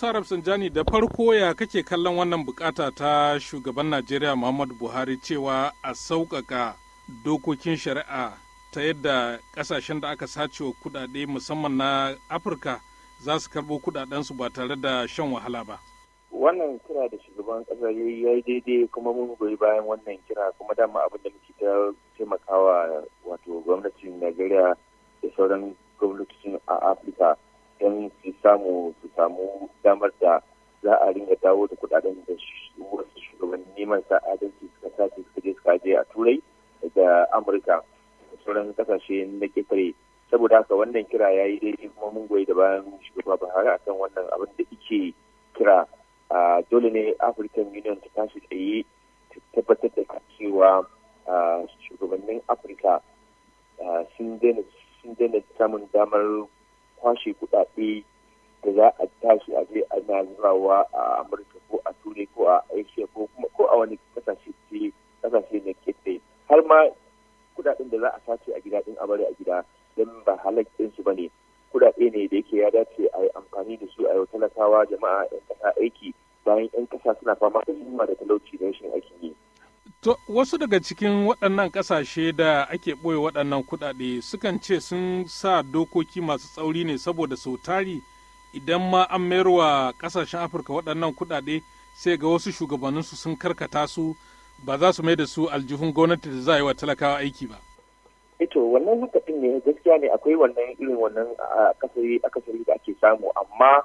Sarab Sanjani da farko ya kake kallon wannan bukata ta shugaban Najeriya Muhammadu Buhari cewa a sauƙaƙa dokokin shari'a ta yadda ƙasashen da aka sace wa kuɗaɗe musamman na Afirka za su karɓo kuɗaɗensu ba tare da shan wahala ba. Wannan kira da shugaban ƙasa ya yi daidai kuma mun goyi bayan wannan kira kuma dama abin da muke ta taimakawa wato gwamnatin Najeriya da sauran gwamnatocin a Afirka. don su samu su samu damar da za a ringa dawo da kudaden da wasu shugaban neman sa adalci suka sace suka je suka je a turai da amurka sauran kasashe na kefare saboda haka wannan kira ya yi daidai kuma mun goyi da bayan shugaba buhari akan wannan abin da ike kira dole ne african union ta tashi tsaye ta tabbatar da cewa shugabannin afirka sun daina samun damar kwashe kuɗaɗe da za a tashi a je ana zubawa a amurka ko a turai ko a asia ko kuma ko a wani kasashe ce kasashe na kete har ma kuɗaɗen da za a sace a gida din a bari a gida don ba halakkin su bane kuɗaɗe ne da yake ya dace a yi amfani da su a yau talakawa jama'a 'yan kasa aiki bayan 'yan kasa suna fama da yunwa da talauci da rashin aikin yi To, wasu daga cikin waɗannan ƙasashe da ake ɓoye waɗannan kuɗaɗe sukan ce sun sa dokoki masu tsauri ne saboda sau tari idan ma an mayarwa ƙasashen Afirka waɗannan kuɗaɗe sai ga wasu shugabanninsu sun karkata su ba za su mai da su aljihun gwamnati da za a yi wa talakawa aiki ba. Ito eh wannan haka ne gaskiya ne akwai wannan irin wannan ah, akasari da ake samu amma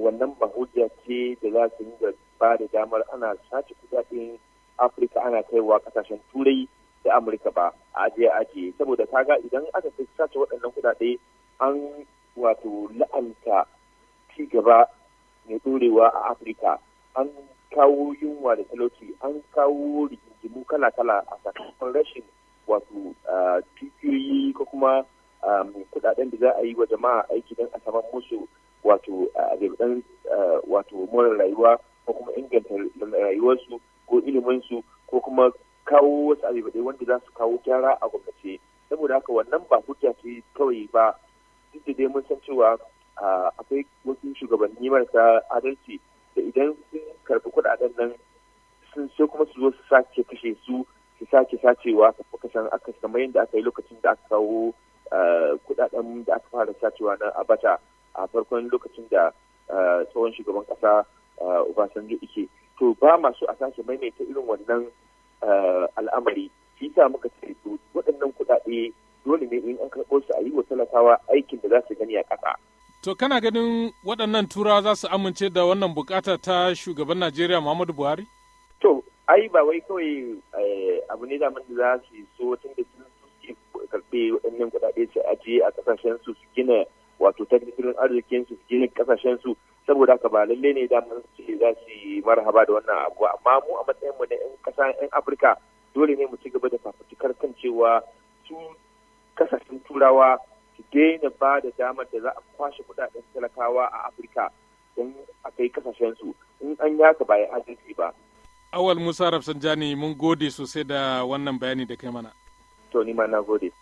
wannan ba ce da za su yi ba da damar ana sace kuɗaɗen Afirka ana kaiwa kasashen turai da amurka ba a ajiye ajiye saboda ta ga idan aka kai sace waɗannan kuɗaɗe an wato la'anta ci gaba mai ɗorewa a afirka an kawo yunwa da talauci an kawo rigingimu kala-kala a sakamakon rashin wato tukiyoyi ko kuma kudaden da za a yi wa jama'a aiki don a saman musu wato zaɓen wato more rayuwa ko kuma inganta rayuwarsu ko iliminsu ko kuma kawo wasu abubuwa wanda za su kawo gyara a gwamnati saboda haka wannan ba hujja ce kawai ba duk da dai mun san cewa akwai wasu shugabanni marasa adalci da idan sun karɓi kuɗaɗen nan sun sai kuma su zo su sake kashe su su sake sacewa kuka san aka sama yadda aka yi lokacin da aka kawo kuɗaɗen da aka fara sacewa na abata a farkon lokacin da tsohon shugaban ƙasa Obasanjo ike to ba masu a sake maimaita irin wannan eh, al'amari shi sa muka ce waɗannan kuɗaɗe dole ne in an karɓo su a yi wa talakawa aikin da za su gani a ƙasa. To kana ganin waɗannan turawa za su amince da wannan bukata ta shugaban Najeriya Muhammadu Buhari? To, ai ba wai kawai eh, abu ne zaman da za su yi so tun da sun suke karɓe waɗannan kuɗaɗe su ajiye a ƙasashen su su gina wato tattalin arzikin su su gina ƙasashen su saboda haka ba lalle ne damar su za su yi marhaba da wannan abu amma mu a matsayin mu na yan ƙasa yan afirka dole ne mu ci gaba da fafutukar kan cewa su kasashen turawa su daina ba da damar da za a kwashe kudaden talakawa a afirka don a kai kasashen su in an yaka ba ya adalci ba awal musa rafsanjani mun gode sosai da wannan bayani da kai mana to ni ma na gode